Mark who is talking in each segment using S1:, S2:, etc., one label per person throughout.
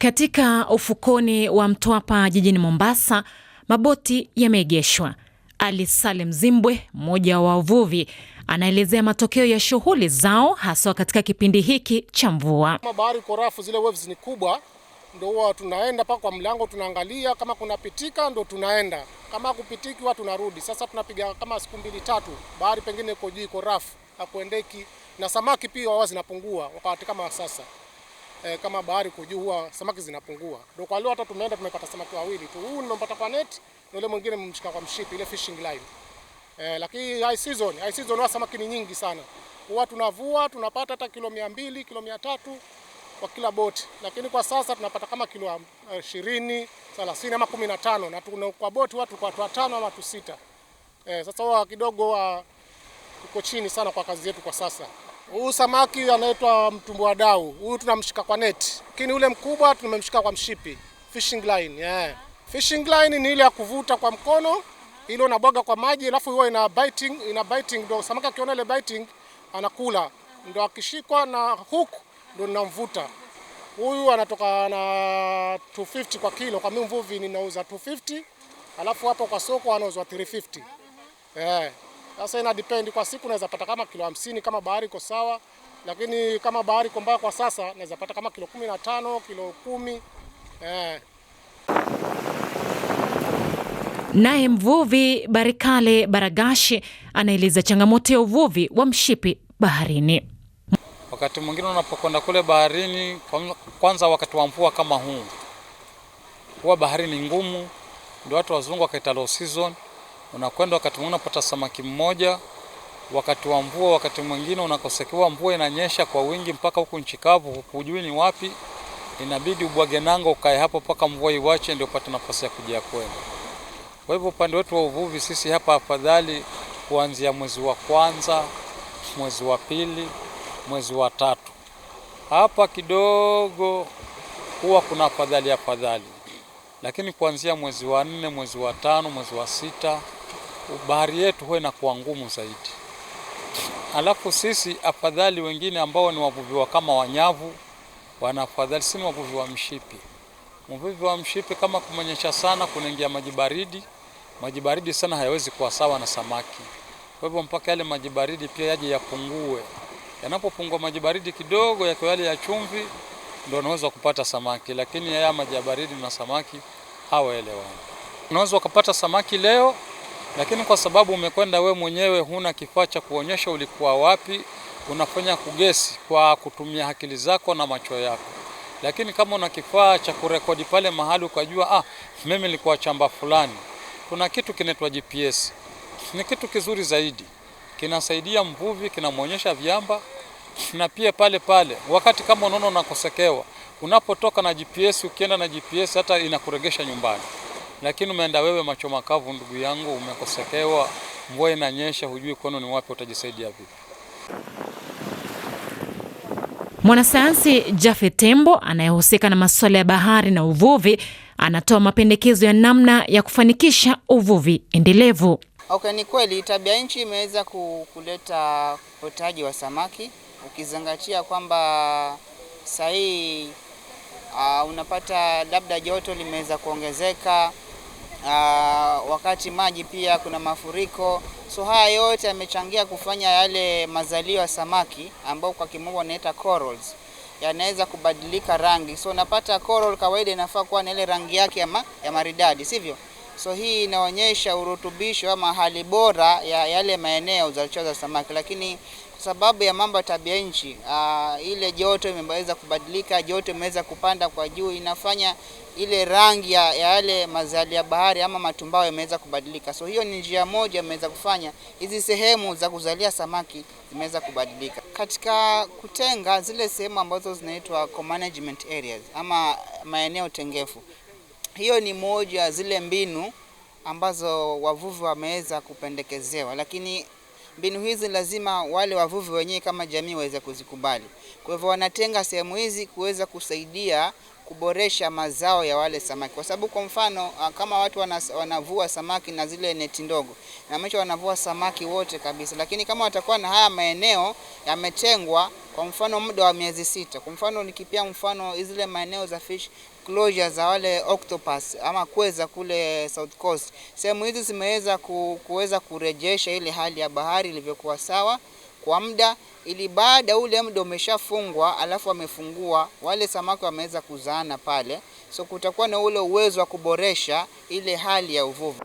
S1: Katika ufukoni wa Mtwapa jijini Mombasa, maboti yameegeshwa. Ali Salem Zimbwe, mmoja wa wavuvi, anaelezea matokeo ya shughuli zao haswa katika kipindi hiki cha mvua. Kama bahari iko rafu, zile waves ni kubwa, ndo huwa tunaenda paka kwa mlango, tunaangalia kama kunapitika, ndo tunaenda kama kupitiki, huwa tunarudi. Sasa tunapiga kama siku mbili tatu, bahari pengine iko juu, iko rafu, hakuendeki na samaki pia wao zinapungua wakati kama sasa eh, kama bahari kujua samaki zinapungua. Ndio kwa leo hata tumeenda tumepata samaki wawili tu. Huu nimepata kwa net na ule mwingine mmshika kwa mshipi ile fishing line. Eh, lakini high season, high season wa samaki ni nyingi sana. Huwa tunavua tunapata hata kilo 200, kilo 300 kwa kila boti. Lakini kwa sasa tunapata kama kilo 20, 30 eh, ama 15 na tuna kwa boti watu kwa watu watano ama watu sita. Eh, sasa huwa kidogo wa ah, tuko chini sana kwa kazi yetu kwa sasa. Huu samaki anaitwa wa dau, huyu tunamshika kwa neti, lakini ule mkubwa tumemshika kwa mshipi, fishing line yeah. Fishing line ni ile ya kuvuta kwa mkono, ile unabwaga kwa maji, alafu huwa ina biting, ina biting ndio samaki akiona ile biting anakula, ndio akishikwa na hook ndio ninamvuta. Huyu anatoka na 250 kwa kilo, kwa mimi mvuvi ninauza 250, alafu hapo kwa soko anauzwa 350 eh yeah. Sasa ina depend kwa siku unaweza pata kama kilo hamsini kama bahari iko sawa, lakini kama bahari iko mbaya kwa sasa naweza pata kama kilo kumi na tano kilo kumi eh.
S2: Naye mvuvi Barikale Baragashi anaeleza changamoto ya uvuvi wa mshipi baharini.
S3: Wakati mwingine unapokwenda kule baharini, kwanza wakati wa mvua kama huu, huwa bahari ni ngumu, ndio watu wazungu wakaita low season unakwenda wakati mwingine unapata samaki mmoja, wakati wa mvua, wakati mwingine unakosekewa mvua, inanyesha kwa wingi mpaka huku nchi kavu, hujui ni wapi, inabidi ubwage nanga ukae hapo mpaka mvua iwache, ndio upate nafasi ya kujia kwenda. Kwa hivyo upande wetu wa uvuvi sisi hapa, afadhali kuanzia mwezi wa kwanza, mwezi wa pili, mwezi wa tatu, hapa kidogo huwa kuna afadhali afadhali, lakini kuanzia mwezi wa nne, mwezi wa tano, mwezi wa sita bahari yetu huwa inakuwa ngumu zaidi. Alafu sisi afadhali wengine ambao ni wavuvi wa kama wanyavu wanafadhali, si wavuvi wa mshipi. Mvuvi wa mshipi kama kumenyesha sana, kunaingia maji baridi, maji baridi sana hayawezi kuwa sawa na samaki. Kwa hivyo mpaka yale maji baridi pia yaje yapungue. Yanapopungua maji baridi kidogo, yakiwa yale ya chumvi, ndio unaweza kupata samaki, lakini haya maji ya baridi na samaki hawaelewani. Unaweza ukapata samaki leo lakini kwa sababu umekwenda we mwenyewe, huna kifaa cha kuonyesha ulikuwa wapi, unafanya kugesi kwa kutumia akili zako na macho yako. Lakini kama una kifaa cha kurekodi pale mahali ukajua, ah, mimi nilikuwa chamba fulani. Kuna kitu kinaitwa GPS, ni kitu kizuri zaidi, kinasaidia mvuvi, kinamwonyesha vyamba na pia pale pale, wakati kama unaona unakosekewa, unapotoka na GPS, ukienda na GPS hata inakuregesha nyumbani lakini umeenda wewe macho makavu, ndugu yangu, umekosekewa. Mvua inanyesha, hujui kono ni wapi, utajisaidia vipi?
S2: Mwanasayansi jafe Tembo anayehusika na masuala ya bahari na uvuvi anatoa mapendekezo ya namna ya kufanikisha uvuvi endelevu.
S4: Okay, ni kweli tabia nchi imeweza kuleta upotaji wa samaki, ukizingatia kwamba sahii uh, unapata labda joto limeweza kuongezeka uh, wakati maji pia kuna mafuriko. So haya yote yamechangia kufanya yale mazalio ya samaki ambao kwa kimombo wanaita corals yanaweza kubadilika rangi. So unapata coral kawaida inafaa kuwa na ile rangi yake ya, ma, ya maridadi, sivyo? So hii inaonyesha urutubisho ama hali bora ya yale maeneo ya uzalishaji wa samaki, lakini sababu ya mambo ya tabia nchi uh, ile joto imeweza kubadilika, joto imeweza kupanda kwa juu, inafanya ile rangi ya yale mazali ya bahari ama matumbao yameweza kubadilika. So hiyo ni njia moja imeweza kufanya hizi sehemu za kuzalia samaki zimeweza kubadilika. Katika kutenga zile sehemu ambazo zinaitwa co-management areas ama maeneo tengefu, hiyo ni moja zile mbinu ambazo wavuvi wameweza kupendekezewa, lakini Mbinu hizi lazima wale wavuvi wenyewe kama jamii waweze kuzikubali. Kwa hivyo wanatenga sehemu hizi kuweza kusaidia kuboresha mazao ya wale samaki, kwa sababu kwa mfano ah, kama watu wanavua samaki na zile neti ndogo, na mwisho wanavua samaki wote kabisa, lakini kama watakuwa na haya maeneo yametengwa kwa mfano muda wa miezi sita. Kwa mfano nikipia mfano zile maeneo za fish closure za wale octopus ama kweza kule South Coast, sehemu hizi zimeweza kuweza kurejesha ile hali ya bahari ilivyokuwa sawa kwa muda, ili baada ule muda umeshafungwa, alafu wamefungua wale samaki wameweza kuzaana pale, so kutakuwa na ule uwezo wa kuboresha ile hali ya uvuvi.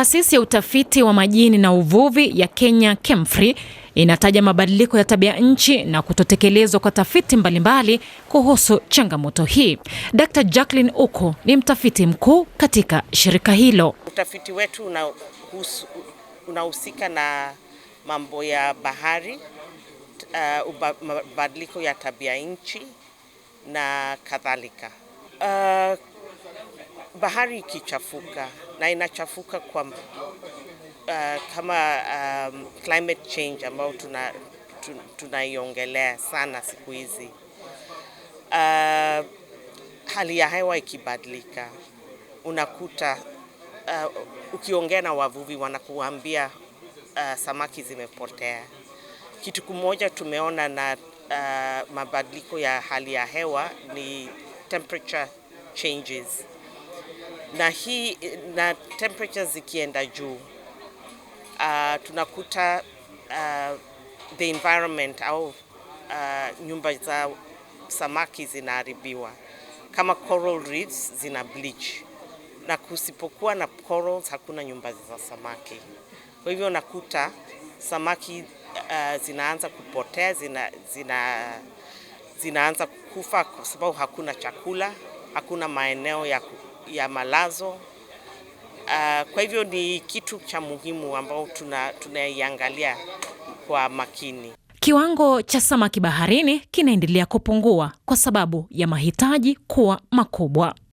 S2: Taasisi ya utafiti wa majini na uvuvi ya Kenya KEMFRI inataja mabadiliko ya tabia nchi na kutotekelezwa kwa tafiti mbalimbali mbali kuhusu changamoto hii. Dr. Jacqueline Uko ni mtafiti mkuu katika shirika hilo.
S5: Utafiti wetu unahusika una na mambo ya bahari, uh, mabadiliko ya tabia nchi na kadhalika. Uh, bahari ikichafuka na inachafuka kwa uh, kama um, climate change ambayo tuna tunaiongelea sana siku hizi. Uh, hali ya hewa ikibadilika, unakuta uh, ukiongea na wavuvi wanakuambia uh, samaki zimepotea. Kitu kimoja tumeona na uh, mabadiliko ya hali ya hewa ni temperature changes na hii na temperature zikienda juu uh, tunakuta uh, the environment au uh, nyumba za samaki zinaharibiwa kama coral reefs zina bleach, na kusipokuwa na corals hakuna nyumba za samaki. Kwa hivyo nakuta samaki uh, zinaanza kupotea, zina, zina, zinaanza kukufa kwa sababu hakuna chakula, hakuna maeneo ya kukufa ya malazo. Ah, kwa hivyo ni kitu cha muhimu ambao tunaiangalia tuna kwa makini.
S2: Kiwango cha samaki baharini kinaendelea kupungua kwa sababu ya mahitaji kuwa makubwa.